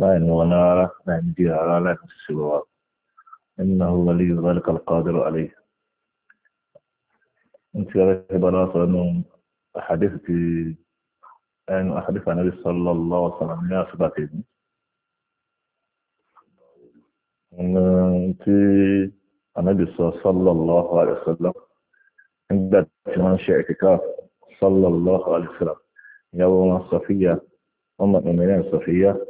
لا ينوغنا نعم، على لا يمديها على لا يمسسلها إنه ولي ذلك القادر عليه أنت يا بلاطة أنه حديث أن أحدث عن النبي صلى الله عليه وسلم يا سبعتين أنت النبي صلى الله عليه وسلم عند من شيء اعتكاف صلى الله عليه وسلم يوم صفية أم المؤمنين صفية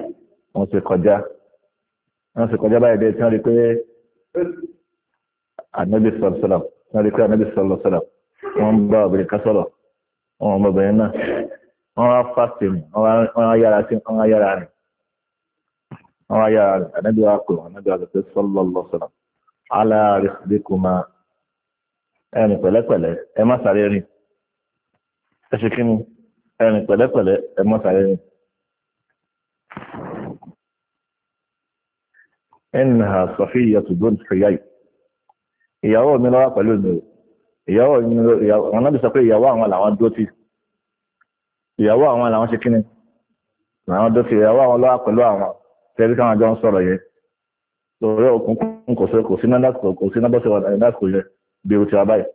wọ́n ti kọjá wọ́n ti kọjá báyìí dé tí wọ́n rí pé ànábì sọ̀rọ̀sọ̀rọ̀ tí wọ́n bá obìnrin kan sọ̀rọ̀ wọ́n mọ obìnrin náà wọ́n wá fásitì ala wọ́n wá yára sí wọ́n wá yára wọ́n wá yára pè wọ́n pẹ̀lẹ́pẹ̀lẹ́ ẹ má sáré rìn ẹ ṣe kí ni pẹ̀lẹ́pẹ̀lẹ́ ẹ má sáré rìn. ẹnìhà sọ̀fíyà tùdún fìyàì ìyàwó mi lọ́wọ́ pẹ̀lú mi ìyàwó mi àwọn náà bí sọ pé ìyàwó àwọn làwọn dúró tì ìyàwó àwọn làwọn ṣe kíni làwọn dúró tì ìyàwó àwọn lọ́wọ́ pẹ̀lú àwọn tẹ́lí káwọn jọ ń sọ̀rọ̀ yẹn lórí òkun kò sí kò sí náà kò sí náà bọ́sẹ̀ wọn náà kò yẹ bí o ti wá báyìí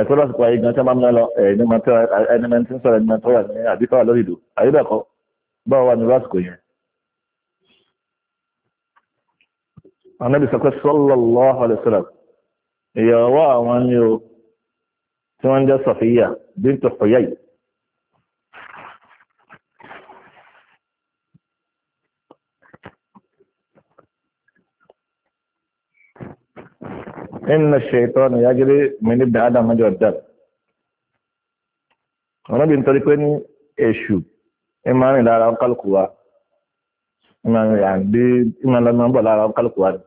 ẹ̀kọ́ lọ́sùpọ̀ ayé gan tí wọ́n máa ń lọ ẹni máa ń tẹ́ ẹni máa ń tẹ́ sọ̀rọ̀ ẹni máa ń tọ́wà ní àbíkọ́ lórí ìlú àyíbẹ̀kọ́ báwo wà ní lásìkò yẹn anábì sọpẹ́ sallallahu alaihi wasallam ìyàwó àwọn ni o tí wọ́n jẹ́ Sọfíyà bint Huyay inna ash-shaytana yajri min ibni adam majra ad-dam ọ̀nàbí nítorí pé ní èṣù ẹ máa rìn lára kálukú wa ẹ máa rìn àbí ẹ máa lọ́nà bọ̀ lára ni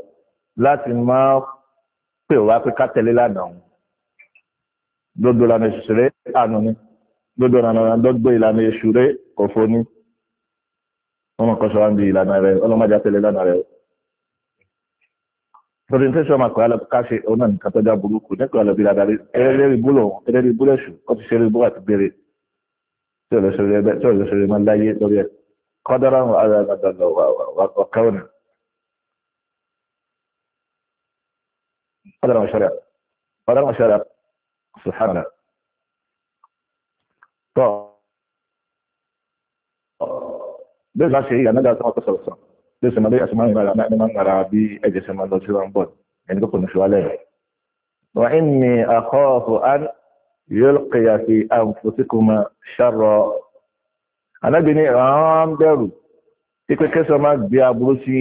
láti máa pè wá pé ká tẹ̀lé lánàá òun gbogbo ìlànà ìṣẹ̀rẹ́ àánú ni gbogbo ìlànà gbogbo ìlànà ìṣúré òfo ni ọmọ kan ṣọwọ́n bí ìlànà rẹ ọlọ́mọdé àtẹ̀lé lánàá rẹ torí ní tẹ́sán máa kọ́ alẹ́ ká ṣe ọ̀nà nǹkan tó dá burúkú nípa ọlọ́bí ládàrí ẹlẹ́rìí búlọ̀ ẹlẹ́rìí búlẹ̀ ṣù ó ti ṣeré bó àti béèrè tí ò lè láyé lórí ẹ̀ kọ́dára àwọn ará àgbàdo ọ̀kẹ́wọ̀nà قدر شرع قدر شرع سبحان الله طب ليش هالشيء يعني لا تواصل سوا ليش ما ليش ما نرى ما نرى بأجهزة ما نرى بود يعني كل مش عليه وإني أخاف أن يلقي في أنفسكما شرا أنا بني أنا بẹ̀rù ikú kẹsàn-án máa gbé aburú sí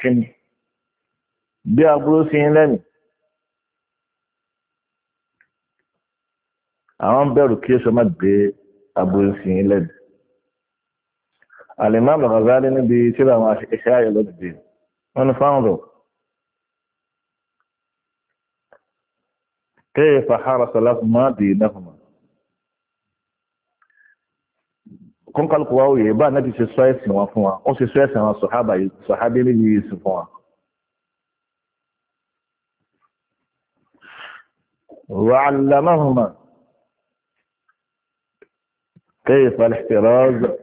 yín bí aburú sí ń lẹ́nu àwọn ń bẹ̀rù kí èso má gbé aburú sí ń lẹ́nu Al-Imam al níbi tí àwọn iṣẹ́ ayọ̀ lọ́dìdì wọ́n ni fáwọn كيف حرس لهما دينهما kọ́nkálùkù wáwòye bá náà ti ṣe sọ ẹ̀sìn wọn fún wa ó ṣe sọ ẹ̀sìn fún wa وعلمهما كيف الاحتراز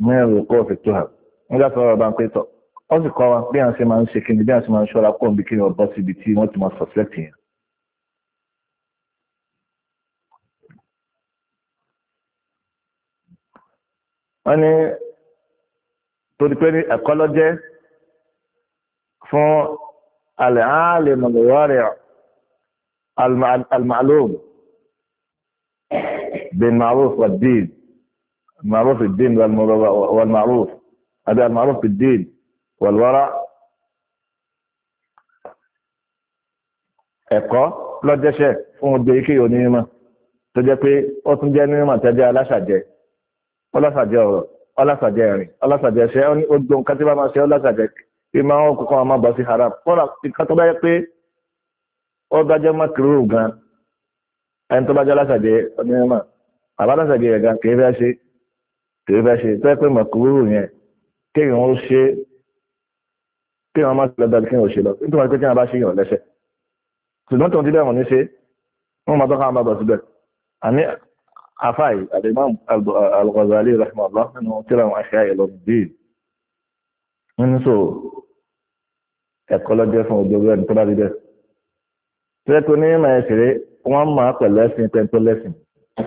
من الوقوع في التهم nígbà tó ọ̀rọ̀ bá ń pé tọ̀ ó sì kọ́ wa bí àwọn ṣe máa ń ṣe kíni bí àwọn ṣe máa ń ṣọ́ra kó bí kíni ọ̀bọ síbi tí wọ́n ti máa suspect yẹn. wọ́n ní torí pé ní ẹ̀kọ́ lọ́jẹ́ fún alẹ́ àálẹ̀ mọ̀lẹ́wọ́rẹ̀ ọ̀. المعلوم بالمعروف والدين المعروف الدين والمعروف هذا المعروف بالدين والورع ẹ̀kọ́ lọ́jẹ́ṣẹ́ fún odò ike yóò ní mímọ́ tó jẹ́ pé ó tún jẹ́ ní mímọ́ tẹ́jẹ́ aláṣàjẹ ọlọ́ṣàjẹ ọ̀rọ̀ ọlọ́ṣàjẹ ẹ̀rìn ọlọ́ṣàjẹ ẹ̀ṣẹ́ ó gbóhùn kátí bá máa ṣe ọlọ́ṣàjẹ ọgbàjọ́ mọ́kìrò gan ẹni tó bá jẹ́ lásàjẹ́ onímọ̀ àbálásàjẹ́ rẹ̀ gan kìí fẹ́ ṣe kìí fẹ́ ṣe tẹ́ pé mọ̀kìrò yẹn kéèyàn ó ṣe kéèyàn má lọ dájú kéèyàn ó ṣe lọ nítorí pé kéèyàn bá ṣe yàn lẹ́sẹ̀ ṣùgbọ́n tó ń ti bẹ́ẹ̀ wọ́n ní ṣe wọ́n máa tọ́ka àbábọ̀ síbẹ̀ àní àfáì àdìmọ́m al-Ghazali rahimahullah nínú tíra àwọn àṣà ìlọ́dún nínú so ẹ̀kọ́ lọ́jọ́ fún òjò rẹ̀ tó bá rí ṣe tó ní ìmọ̀ ẹ̀ṣẹ̀rẹ́ wọ́n máa pẹ̀lú ẹ̀sìn pẹ̀ntọ́ lẹ́sìn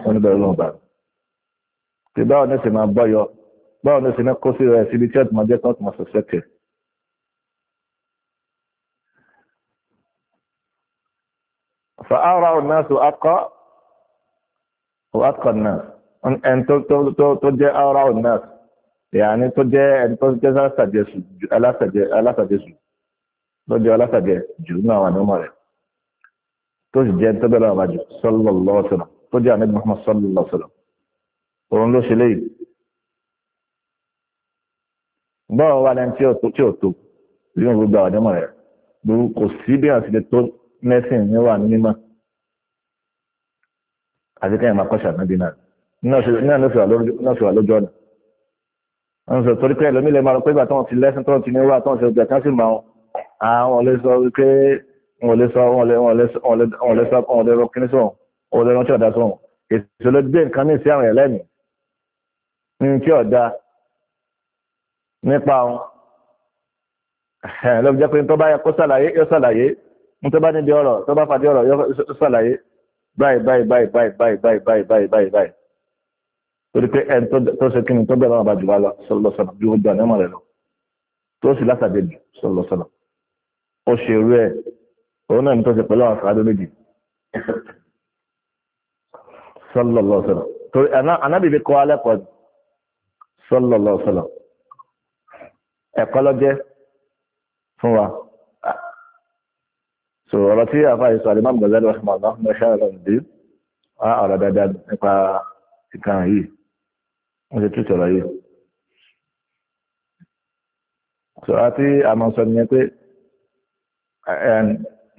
oníbẹ̀rẹ̀ lóun bá ti báwọn ní sì máa bọ́yọ báwọn ní sì ní kó sí rẹ̀ síbi tí máa jẹ́ kí máa ṣọ̀ṣẹ́ tẹ̀. fa ara ọ̀nà sọ akọ akọ náà ẹni tó jẹ́ ara ọ̀nà ìyàní tó jẹ́ ẹni tó jẹ́ alásàjẹsù tó jẹ́ alásàjẹ jù náà wà ní ọmọ rẹ̀ tó sì jẹ́ tẹ́bẹ̀rẹ̀ àbájú sallallahu alaihi wasallam tó jẹ́ àmì Muhammad sallallahu alaihi wasallam òun ló ṣe léyìí bọ́ọ̀ wà lẹ́ni tí ó tó tí ó tó bí wọ́n gbogbo àwọn ọmọ rẹ̀ gbogbo kò sí bí àti lè tó mẹ́sìn ní wà ní mímọ́ àti kẹ́yìn máa kọ́ṣà náà dínà náà ló fi wà lójú ọ̀nà wọ́n sọ torí pé ẹlòmílẹ̀ máa rọ pé ìgbà tó ti lẹ́sìn tó ti ní wà tó wọn ti gbà kán sì máa àwọn ọ̀lẹ́sọ wípé wọn lè sọ wọn lè rọ kíní sọ wọn lè rántí ọ̀dá sọ èso ló gbé nǹkan ní sí àwọn ẹlẹ́ni ní tí ọ̀dá nípa wọn lọ́pọ̀ jẹ́ pé tó bá yẹ kó sàlàyé yóò sàlàyé ní tó bá níbi ọ̀rọ̀ tó bá fàdí ọ̀rọ̀ yóò sàlàyé báyìí báyìí báyìí báyìí báyìí báyìí báyìí báyìí báyìí torí pé ẹni tó ṣe kí ni tó bẹ̀rẹ̀ ọba jùlọ sọlọ́sọlọ ju ojú àná mọ̀ rẹ̀ lọ tó sì látàdé jù sọlọ́sọlọ ó òun náà ní tó ṣe pẹ̀lú àwọn sàádó méjì sallallahu alaihi wasallam torí anábìbí kọ́ alẹ́kọ̀ọ́ sallallahu alaihi wasallam ẹ̀kọ́ lọ́jẹ́ fún wa so ọ̀rọ̀ tí àfáà ìsọ alimam gazali wa ṣùgbọ́n ọ̀nà ṣáàrọ̀ ìdí ọ̀rọ̀ dáadáa nípa ìkan yìí wọ́n ti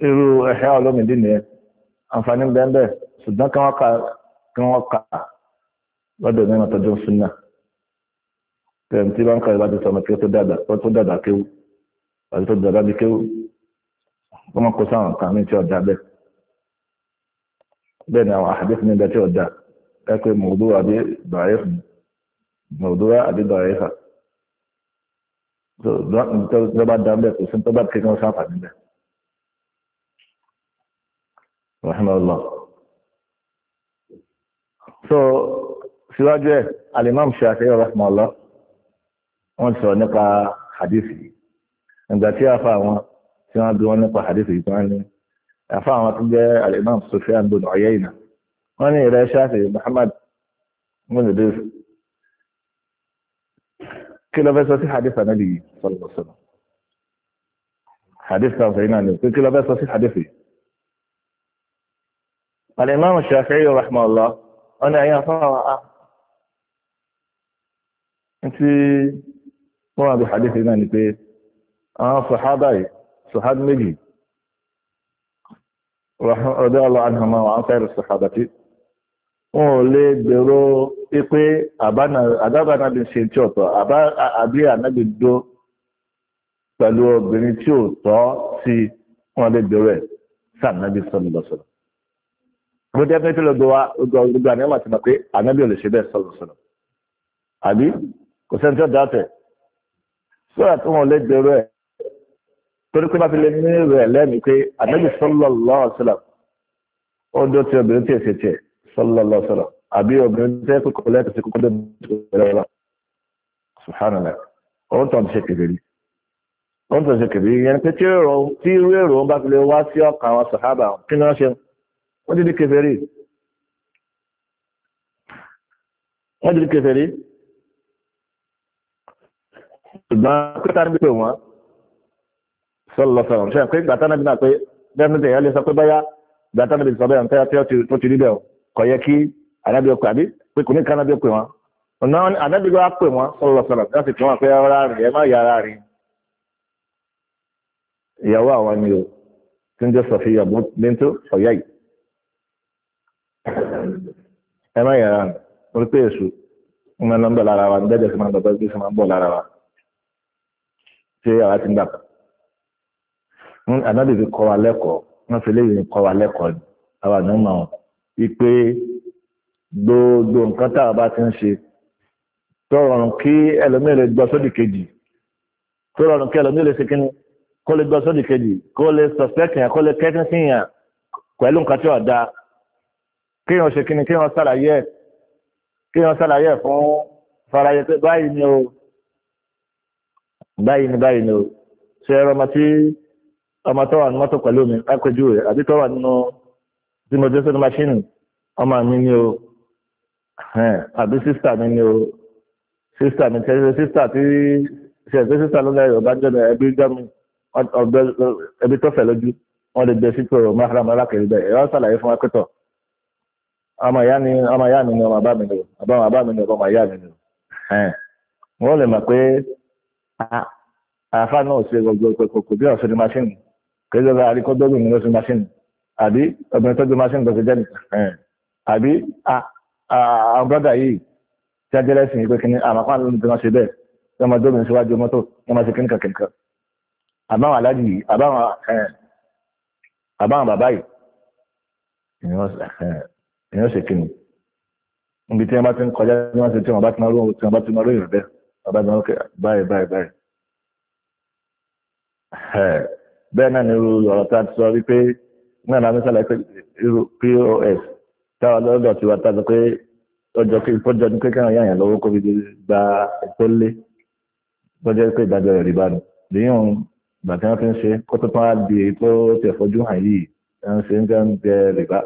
irú ẹ̀hẹ́ olómìnir nìyẹn àǹfààní bẹ́ẹ̀ ṣùgbọ́n kí wọ́n kà kí wọ́n kà lọ́dọ̀ mẹ́rin tọ́jú súnà tẹ̀m tí bá ń kàrí láti sọmọ kí ó tó dàgbà ó tó dàgbà kéwú àti tó dàgbà bí kéwú wọ́n mọ̀ kó sáwọn kan ní tí ọ̀dà bẹ́ẹ̀ bẹ́ẹ̀ ni àwọn àhàdé fún nígbà tí ọ̀dà kẹ́kẹ́ mọ̀ọ́dúwà àbí bàárẹ̀ fún mọ̀ọ́dúwà àbí bàárẹ̀ fà tó bá dá bẹ́ẹ̀ kò sí tó bá kékeré rahimahullah so síwájú ẹ̀ alimam shafi rahimahullah wọ́n ti sọ̀rọ̀ nípa hadithi ìgbà tí afa àwọn tí wọ́n bí wọ́n nípa hadithi yìí wọ́n ní afa àwọn tó jẹ́ alimam Sufyan bin Uyayna wọ́n ní ìrẹ́ shafi Muhammad bin Idris kí ló fẹ́ sọ sí hadith anabi sallallahu alaihi wasallam hadith kan sẹ́yìn náà ni kí ló fẹ́ sọ sí hadith Al-Imam Shafi'i rahimahullah wọn ni àyàn fún àwọn a tí wọ́n wà bí hadith náà ni pé àwọn sàhábà yìí sàhábà méjì radiyallahu anhum wa an khayri sahabati wọn ò lè gbèrò pípé àbábànábi ṣe tí ọ̀tọ̀ àbí ànábi dó pẹ̀lú obìnrin tí ò tọ́ sí wọn lè gbèrò ẹ̀ sáà nábi sallallahu alaihi wasallam bó jẹ́ pé tí lọ́gbọ̀ wa gbogbo àná mà ti mọ̀ pé ànábì ò lè ṣe bẹ́ẹ̀ sọ̀rọ̀ sọ̀rọ̀ àbí kò sẹ́ni tí ó dáàtẹ̀ sọ́ra tí wọ́n lè dèrò ẹ̀ torí pé bá fi lè ní rẹ̀ lẹ́mìí pé ànábì sallallahu alaihi wasallam ó dó ti obìnrin tí èsì tiẹ̀ sallallahu alaihi wasallam àbí obìnrin tí ẹ wọ́n ti di kèfèrí wọ́n ti di kèfèrí ṣùgbọ́n pẹ́ta níbi pé wọ́n sọ́lọ́sọ̀rọ̀ ṣe pé gbàtà náà bí náà pé dẹ́mítẹ̀ yẹn lè sọ pé báyá gbàtà náà bí sọ bẹ́ẹ̀ nǹkan tí ó ti rí bẹ́ẹ̀ kò yẹ kí anábì ọkọ̀ àbí pé kò ní ká anábì ọkọ̀ wọn ọ̀nà anábì wa pè wọ́n sọ́lọ́sọ̀rọ̀ láti fi wọn pé ara ìyàwó àwọn ni o tí ń jẹ́ sọ̀fì ọ̀bùn bíntú ọ̀yá yìí ẹ má yàrá orí pé èṣù ń máa ń bọ̀ lára wa nígbàjẹ́ sí máa ń bọ̀ tọ́jú sí máa ń bọ̀ lára wa ṣé àwa ti ń dàpọ̀ ànábì fi kọ́ wa lẹ́kọ̀ọ́ wọ́n fi léyìn kọ́ wa gbogbo nǹkan tá a bá ti ń ṣe tó rọrùn kí ẹlòmíì lè gbọ́ sódì kejì tó rọrùn kí ẹlòmíì lè ṣe kí ni kó lè gbọ́ sódì kejì kó lè sọ̀spẹ́kì yẹn kó lè kẹ́kẹ́ sí yẹn pẹ̀lú nǹkan tí ò dáa kéèyàn ṣe kíni kéèyàn ṣàlàyé ẹ̀ kéèyàn ṣàlàyé ẹ̀ fún faraye pé báyìí ni o báyìí ni báyìí ni o ṣe ẹ̀rọ ọmọ tí ọmọ tó wà ní mọ́tò pẹ̀lú mi lápẹjú rẹ̀ àbí tó wà nínú tí mo jẹ́ sínú máṣíìnì ọmọ mi ni o àbí sísà mi ni o sísà mi tẹ́lẹ̀ sísà tí ṣe ẹ̀gbẹ́ sísà ló lẹ́yìn ọba jẹ́ ẹbí gbẹ́mi ẹbí tó fẹ̀ lójú wọ́n lè gbé sípò mahram alákèrè bẹ́ẹ̀ ẹ̀rọ ṣàlàyé fún akẹ́tọ̀ọ́ ọmọ ìyá mi ni ọmọ bàbá mi ni ọmọ bàbá mi ni ọmọ ìyá mi ni wọ́n lè mọ̀ pé àáfà náà ṣe gbogbo kò bí ọ̀ṣọ́ ní máṣíìnì kò jọba àríkọ́dọ́gbìn ní oṣù máṣíìnì àbí obìnrin tọ́jú máṣíìnì tó ti jẹ́ nìkan àbí àwọn brọ́dà yìí tí a jẹ́ lẹ́sìn yìí pé kí ni àmàpá lónìí tí wọ́n ṣe bẹ́ẹ̀ tí wọ́n máa dóbìn síwájú mọ́tò tí wọ́n máa ṣe kí nìkan kìnìkan àbáwọn aláàjì yìí àbáwọn bàbá yìí èèyàn ṣe kíni níbi tí wọ́n bá ti ń kọjá tí wọ́n ṣe tí wọ́n bá ti máa ròyìn tí wọ́n bá ti máa ròyìn bẹ́ẹ̀ wọ́n ti máa ròyìn báyìí báyìí báyìí. bẹ́ẹ̀ náà ni irú ọ̀rọ̀ tá a ti sọ wípé náà la fi pé irú pos táwọn lọ́dọ̀ ti wá tájọ pé ọjọ́ kí ìfọ́jọ́ ní kékeré yàn yàn lọ́wọ́ kó fi gba tó lé tó jẹ́ pé ìdájọ́ rẹ̀ rí bá nù lẹ́yìn ìgbà tí wọ́n fi ń ṣe kó tó tán á di èyí tó tẹ̀ fojú hàn yìí ẹ̀ ń ṣe ń jẹ́ ń jẹ rìbá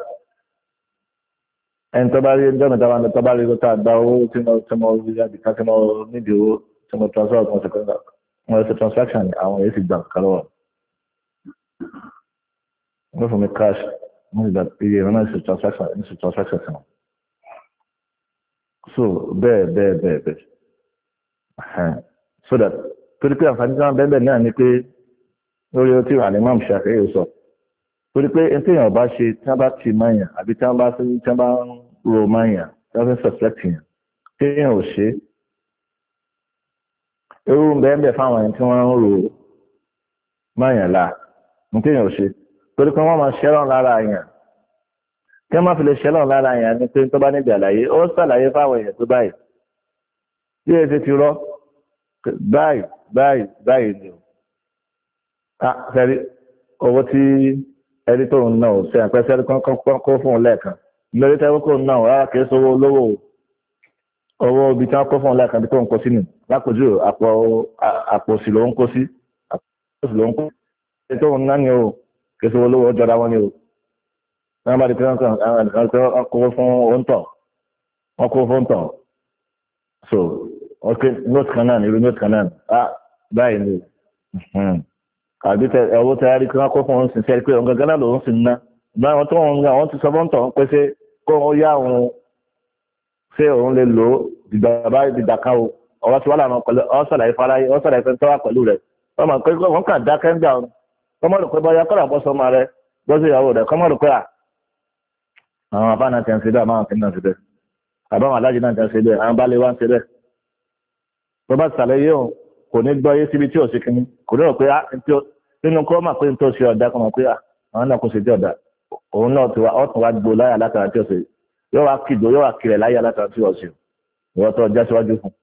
ẹni tó bá rí ẹjọ́ mẹ́ta wọn tó bá rí lọ́tà gba owó tí mo tí mo rí àbíká tí mo nídìí owó tí mo transfer mo sì kọ́ńtà mo ṣe transaction àwọn èyí sì gbà kọ́ mo fún mi cash mo sì gbà iye ìrànlọ́ ṣe transaction ní ṣe transaction sí wọn. so bẹ́ẹ̀ bẹ́ẹ̀ bẹ́ẹ̀ bẹ́ẹ̀ so that torí pé àǹfààní tí wọ́n bẹ́ẹ̀ bẹ́ẹ̀ náà ni pé lórí ọtí wà ní mọ́ọ̀mù ṣàkóyè sọ̀rọ̀ torí pé ẹni téèyàn bá ṣe tí wọ́n bá ti máyà àbí tí wọ́n bá tí wọ́n bá ń ro máyà tí wọ́n fi suspect yàn téèyàn ò ṣe ewu bẹ́ẹ̀ fáwọn ẹni tí wọ́n ń ro máyà la ní téèyàn ò ṣe torí pé wọ́n máa ṣẹ́rọ̀ lára yàn kí wọ́n má fi lè ṣẹ́rọ̀ lára yàn ni pé tó bá níbi àlàyé ó ṣàlàyé fáwọn èèyàn tó báyìí bí ẹ ti rọ báyìí báyìí báyìí ni ó ah sẹ́rí owó tí ẹni tó ń náà ṣe àpẹẹsẹ kó fún un lẹ́ẹ̀kan lórí tẹ́wọ́ kó náà rárá ah, kìí sọ owó olówó owó ibi tí wọ́n kó fún un lẹ́ẹ̀kan bí tó ń kó sínú lápòjú àpò àpò sì ló ń kó sí àpò sì ló ń kó sí ẹni tó ń náà ni o kìí sọ owó olówó jọra wọn ni o wọ́n bá di pé wọ́n kó fún oúntọ̀ wọ́n kó fún oúntọ̀ so ok note kan náà ni irú note kan náà ah báyìí ni. Hmm àbí ẹwọ́ tẹ́ rí kíkọ́ kó fún òun sì sẹ́rí pé òun gangan náà lòun sì ń ná náà àwọn tó ń ra àwọn ti sọ fọ́ńtọ̀ pé ṣé kó òun yá òun ṣé òun lè lò ó dìgbà bá dìgbà kan o ọ̀rọ̀ ti wá lànà pẹ̀lú ọ̀sàlàyé faraye ọ̀sàlàyé fẹ́ tọ́wà pẹ̀lú rẹ̀ wọ́n kàn dákẹ́ ń gbà ọ́n kọ́mọ́ rò pé bọ́yá kọ́lá bọ́sọ ọmọ rẹ bọ́sọ ìyàwó rẹ kọ́mọ́ rò pé à àwọn àbá náà ti ń ṣe bẹ́ẹ̀ àbáwọn kìnnìkan ṣe bẹ́ẹ̀ àbáwọn aláàjì náà ti ń ṣe bẹ́ẹ̀ àwọn balẹ̀ wá ń ṣe bẹ́ẹ̀ tó bá ṣàlàyé òun kò ní gbọ́yé síbi tí ò sí kíní kò ní rò pé ah, nínú kọ́ mà pé n tó ṣe ọ̀dà kan mọ̀ pé ah, àwọn náà kò ṣe tí ọ̀dà òun náà ti wá ọ̀tún wá gbó láyà látara tí ò ṣe yóò wá kìdó yóò wá kiri láyà látara tí ò ṣe ìwọ́n tó já síwájú fún.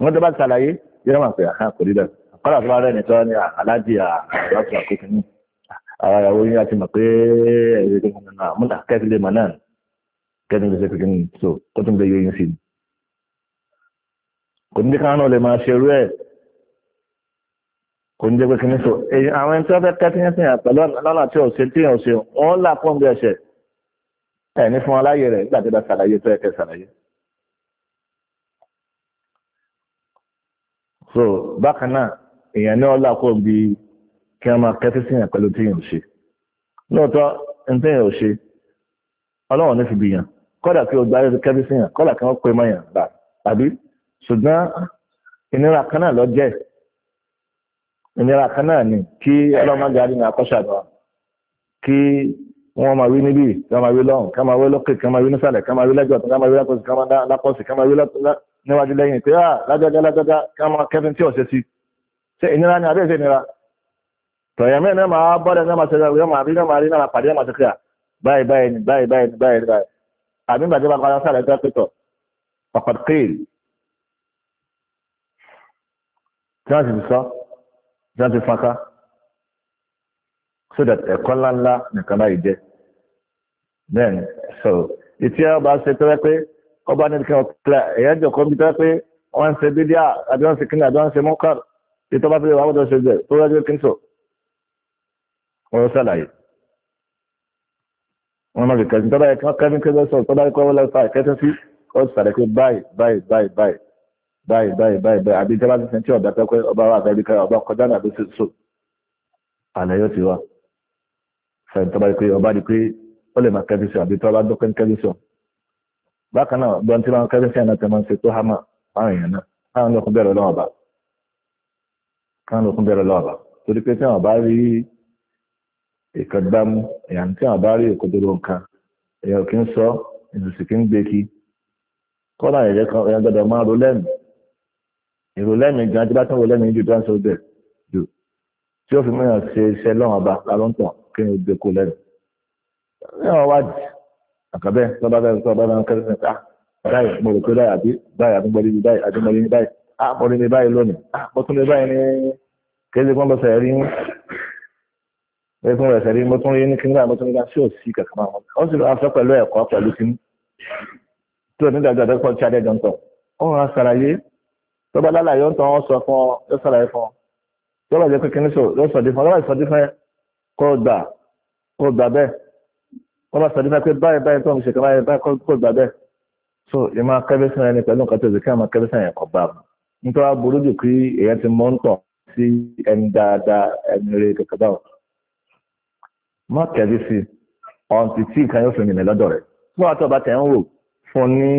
wọ́n tó bá ṣàlàyé yóò máa pè àhán kò dídà kọ́lá tó bá rẹ̀ nìkan ní ah, aláàjì àlọ́tún àkókò ní àwọn ìyàwó yín àti mọ̀ pé ẹ̀rẹ́ kẹ́kẹ́ lè mọ̀ náà kẹ́kẹ́ lè ṣe kékeré tó kó tún lè yọ yín sí i kò ní jẹ́ káwọn náà lè máa ṣerú ẹ̀ kò ní jẹ́ pé kìíní so àwọn ẹni tí wọ́n fẹ́ kẹ́tí yẹn sìn àpẹ̀lú lọ́nà tí òṣèlú tí yẹn òṣèlú là pọ̀ bí ẹ̀ṣẹ̀ ẹ̀ ní fún aláyè rẹ̀ nígbà tí ó bá ṣàlàyé tó yẹ ṣàlàyé. so bákan náà èèyàn ní ọlá pọ̀ bí kí wọ́n máa kẹ́tí sìn àpẹ̀lú tí yẹn ò ṣe lóòótọ́ ní tí yẹn ò ṣe ọlọ́run ní fi bìyàn kọ́dà kí o gbá kẹ́tí kọ́dà kí wọ́n pè mọ́ yàn àbí ṣùgbọ́n ìnira kan náà lọ jẹ́ ìnira kan ni kí ọlọ́mọdé àdínà àkọ́ṣàdọ́ kí wọ́n máa wí níbí kí wọ́n máa wí lọ́hùn kí wọ́n máa wí lókè kí wọ́n máa wí nísàlẹ̀ kí wọ́n máa wí lẹ́gbẹ̀ẹ́ kí níwájú lẹ́yìn pé ah lágbájá lágbájá kí wọ́n máa kẹ́fín tí ò ṣe sí ṣe ìnira ni àbẹ́ẹ̀ṣẹ́ ìnira tọ̀yẹ̀mí náà máa bọ́dẹ̀ náà máa ṣe ìrìn máa rí náà máa rí náà pàdé náà máa ṣe kíra báyìí báyìí báyìí báyìí báyìí àbí ìgbàjọba kan sáà lẹ́gbẹ́ pẹ̀tọ̀ tí wọ́n sì ti sọ tí so that ẹ̀kọ́ ńláńlá nìkan báyìí jẹ́ then so ìtí ọba ṣe tẹ́lẹ̀ pé ọba ní kí wọ́n kílẹ̀ ẹ̀yẹ́ jọ kọ́ bí tẹ́lẹ̀ pé wọ́n ń ṣe bídí àbí wọ́n ń ṣe kíni àbí wọ́n ń ṣe mọ́kàr ètò ọba fẹ́lẹ̀ wà wọ́n ṣe jẹ́ tó rẹ́jọ́ kí n sọ wọ́n ṣàlàyé wọ́n má kẹ́kẹ́ tọ́lá yẹ kí wọ́n kẹ́kẹ́ sọ tọ́lá yẹ kí wọ́n lọ́ọ́ báyìí báyìí báyìí báyìí àbí ìjọba ti sẹ́ńtì ọ̀dà ọba so àlẹ́ yóò ti wá fẹ́ẹ̀ tọ́ba di pé ọba di pé ó lè máa kẹ́fíṣọ̀ àbí tọ́ba dọ́pẹ́ bákan náà gbọ́n tí wọ́n náà tẹ́ máa ń ṣe tó hámà fáwọn èèyàn náà káwọn bẹ̀rẹ̀ lọ́wọ́ bá káwọn bẹ̀rẹ̀ lọ́wọ́ bá torí pé tí wọ́n bá rí èèyàn tí wọ́n bá èrò lẹ́mìí gan tí bá tún wọ lẹ́mìí jù tó ń sọ bẹ́ẹ̀ jù tí ó fi mú yàn ṣe iṣẹ́ lọ́wọ́n ọba lálọ́ntàn kí ni ó gbé kó lẹ́nu. ẹ̀wọ̀n wá jù àkàbẹ́ lọ́ba bẹ́ẹ̀ sọ ọba náà kẹ́rin náà ah báyìí mo rò pé báyìí àbí báyìí àdúgbòlì ní báyìí àdúgbòlì ní báyìí ah mo rí ní báyìí lónìí ah mo tún rí báyìí ní kéde pọ́n bọ́sẹ̀ rí ẹkún rẹ̀ sẹ̀rí mo tún rí ní kíńgbà mo tún rí sí òsì kàkà máa wọn ó sì lọ́ọ́ fẹ́ pẹ̀lú ẹ̀kọ́ pẹ̀lú sínú tó nígbàgbà tó pọ̀ tí adé jọ ń tọ̀ ó rà sàlàyé tọ́ba lálàyé ń tàn wọ́n sọ fún ọ yóò sọ̀rọ̀ ẹ̀ fún ọ tọ́ba jẹ́ kékeré sọ yóò sọ̀dí fún ọ tọ́ba ìsọ̀dí fún ẹ kó gbà kó gbà bẹ́ẹ̀ tọ́ba sọ̀dí fún ẹ pé báyìí báyìí tó ń ṣe kí báyìí báyìí kó gbà bẹ́ẹ̀ so ìmọ̀ akẹ́bẹ́sìn ẹni pẹ̀lú nǹkan tó ṣe kí àwọn akẹ́bẹ́sìn ẹ̀kọ́ bá mu nítorí aburú jù kí èèyàn ti mọ́ ń tàn sí ẹni dáadáa ẹni rẹ kẹkẹ báwò má kẹ́bí sí ọ̀ǹtì tí nǹkan yóò fi rìnrìn lọ́dọ̀ rẹ̀ fún àtọ́ba tẹ̀ ń wò fún ní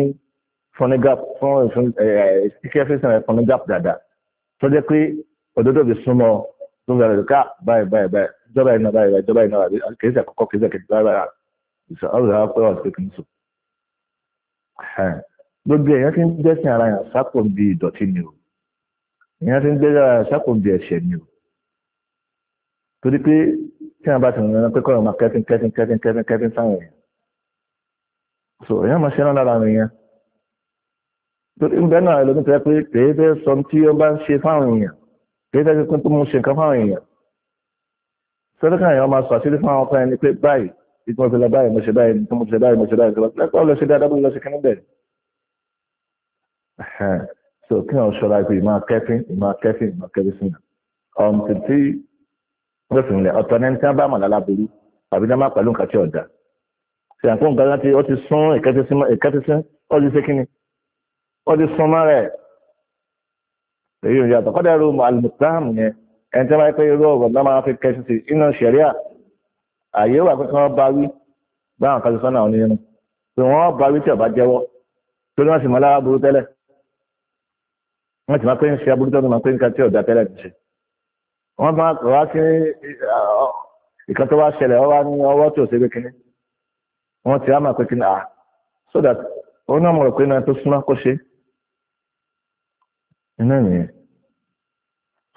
phonograph fún kíkẹ́fẹ́sì rẹ̀ phonograph dáadáa tó jẹ́ pé òdodo bí súnmọ́ tó bẹ̀rẹ̀ lókà báyìí báyìí báyìí ìjọba iná báyìí báyìí ìjọba iná báyìí kìí ṣe àkọ́kọ́ kìí ṣe kìí ṣe báyìí ìṣe ọ̀rọ̀ ìhà pé wọ́n ti kìí sùn. gbogbo èèyàn ti ń dẹ́sìn ara yàn sápò bíi ìdọ̀tí ni o èèyàn ti ń dẹ́sìn ara yàn sápò bíi ẹ̀ṣẹ̀ ni o torí pé tí wọn bá ti rìn pé kọ́ọ̀rọ̀ máa kẹ́tín kẹ́tín kẹ́tín kẹ́tín sáwọn èèyàn so èèyàn máa ṣe náà lára àwọn torí ń bẹ́ náà ẹlòmí tẹ́ pé kèéfẹ́ sọ tí ó bá ń ṣe fáwọn èèyàn kèéfẹ́ pé tó mú ṣe nǹkan fáwọn èèyàn sẹ́dẹ́kà èèyàn máa sọ àṣírí fún àwọn ọkùnrin ni pé báyìí ìtú mo fi lọ báyìí mo ṣe báyìí ìtú mo ṣe báyìí mo ṣe báyìí lẹ́pọ̀ lọ sí dáadáa bó lọ sí kínní bẹ́ẹ̀. so kí wọn ṣọra pé ìmọ̀ kẹfín ìmọ̀ kẹfín ìmọ̀ kẹfín sí ọ̀n títí ó sì ń lẹ̀ ọ̀tọ̀ ní tí wọ́n bá mọ̀ lálábùrú àbí dá má pẹ̀lú nǹkan tí ọ̀dà ṣe àpò nǹkan láti ó ti sún ìkẹ́tí sí ó ti ṣe kínní wọ́n ti súnmọ́ rẹ̀ èyí ò yàtọ̀ kọ́dẹ̀ ẹrú alùpùpù yẹn ẹni tí wọ́n máa pẹ́ irú ọ̀rọ̀ náà máa fi kẹ́sì sí iná ṣẹ̀ríà àyè wà pé kí wọ́n bá wí báwọn kan ti sọ́nà àwọn oníyẹnu pé wọ́n bá wí tí ọba jẹ́wọ́ tó ní wọ́n sì mọ́ lára burú tẹ́lẹ̀ wọ́n ti máa pé ń ṣe aburú tẹ́lẹ̀ máa pé nǹkan tí ọ̀dà tẹ́lẹ̀ ti ṣe wọ́n máa wá sí ìkan tó wá ṣẹlẹ̀ ọwọ́ ní ọwọ́ tí ò ṣe kékeré wọ́n ti á máa pé kí ni à ah, so that ó náà mọ̀ pé náà tó súnmọ́ kó ṣe é iná nìyẹn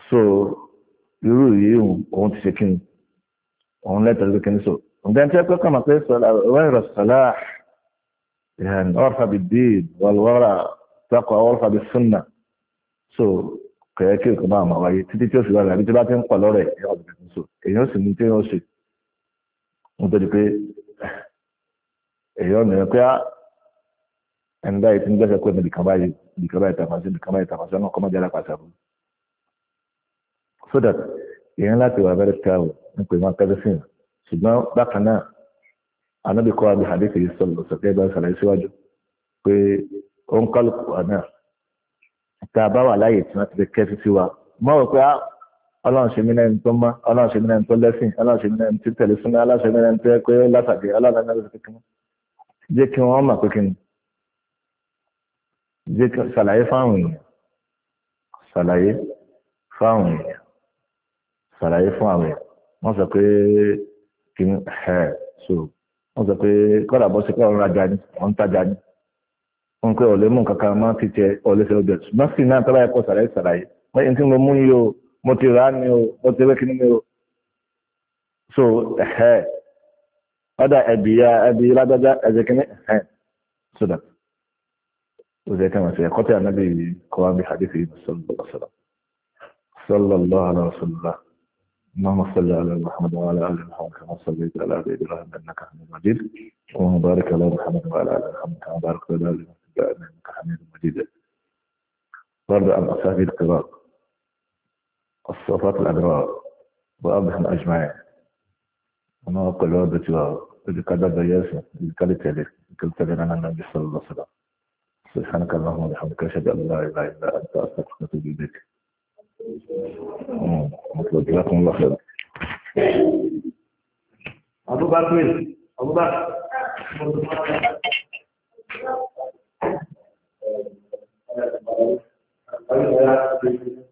so irú yìí òun ti ṣe kí ni òun lẹ́tọ̀ọ́ lókè ní so ǹdẹ́ni tí ẹ pé kàmá pé wẹ́rẹ̀ sọ́lá ìhàn ọ̀rọ̀fà bí díì wàlúwàrà takọ̀ ọ̀rọ̀fà bí súnà so kẹ̀yẹ́ kí nǹkan bá àwọn wáyé títí tí ó sì wà lábí tí bá ti ń pọ̀ lọ́rọ̀ ẹ̀ ẹ̀ ọ̀dùnkàn so èyí ó sì ní tí ó ṣe nítorí pé èyí ọ̀nà pé ẹni báyìí tí ń gbẹ́sẹ̀ kó ní bìkan báyìí bìkan báyìí tàfà sí bìkan báyìí ọ̀nà kọ́mọ́jà lápàtà fún. so that èèyàn láti wà very careful ń pè mọ́ kẹ́sìn ṣùgbọ́n bákan náà anábì kọ́ abẹ́ hadith yìí sọ̀rọ̀ sọ̀kẹ́ bá ṣàlàyé síwájú pé ó ń kálukú àná tá a bá wà láàyè tí wọ́n ti kẹ́sí sí wa mọ́ wọ pé ah, ọlọ́run ṣe mí náà ní tó mọ́ ọlọ́run ṣe mí náà ní tó lẹ́sìn ọlọ́run ṣe mí náà ní tó jẹ́ ṣàlàyé fáwọn èèyàn ṣàlàyé fáwọn èèyàn ṣàlàyé fún àwọn èèyàn wọ́n sọ pé kí n ẹ̀ so wọ́n sọ pé kọ́dà bọ́ sí pé ajá ni ọ̀n tajà ni wọ́n pé ọ̀lẹ́ mú kankan máa ti tẹ ọ̀lẹ́ fẹ́ ọjọ́ ṣùgbọ́n sí náà tọ́lá ẹ̀kọ́ ṣàlàyé ṣàlàyé wọ́n yẹn tí mo mú yìí o mo ti rà á ni o mo ti wẹ́kí ni o so ẹ̀hẹ́ ọ̀dà ẹ̀bìyà ẹ̀bìyà lágbájá ẹ̀jẹ̀ kìíní ẹ̀hẹ́ so that وزي كما قطع النبي قوام بحديثه صلى الله عليه وسلم صلى الله على رسول الله اللهم صل على محمد وعلى ال محمد كما صليت على ال ابراهيم انك حميد مجيد اللهم بارك على محمد وعلى ال محمد كما باركت على ال محمد انك حميد مجيد برد عن اصحاب القراء الصفات الابرار وابهم اجمعين ونوقع الوابة اللي قد بياسة اللي قد تلك اللي قد تلك عن النبي صلى الله عليه وسلم سبحانك اللهم وبحمدك اشهد ان لا اله الا انت استغفرك واتوب اليك أمم، جزاكم الله خير ابو باكر ابو باكر Thank you.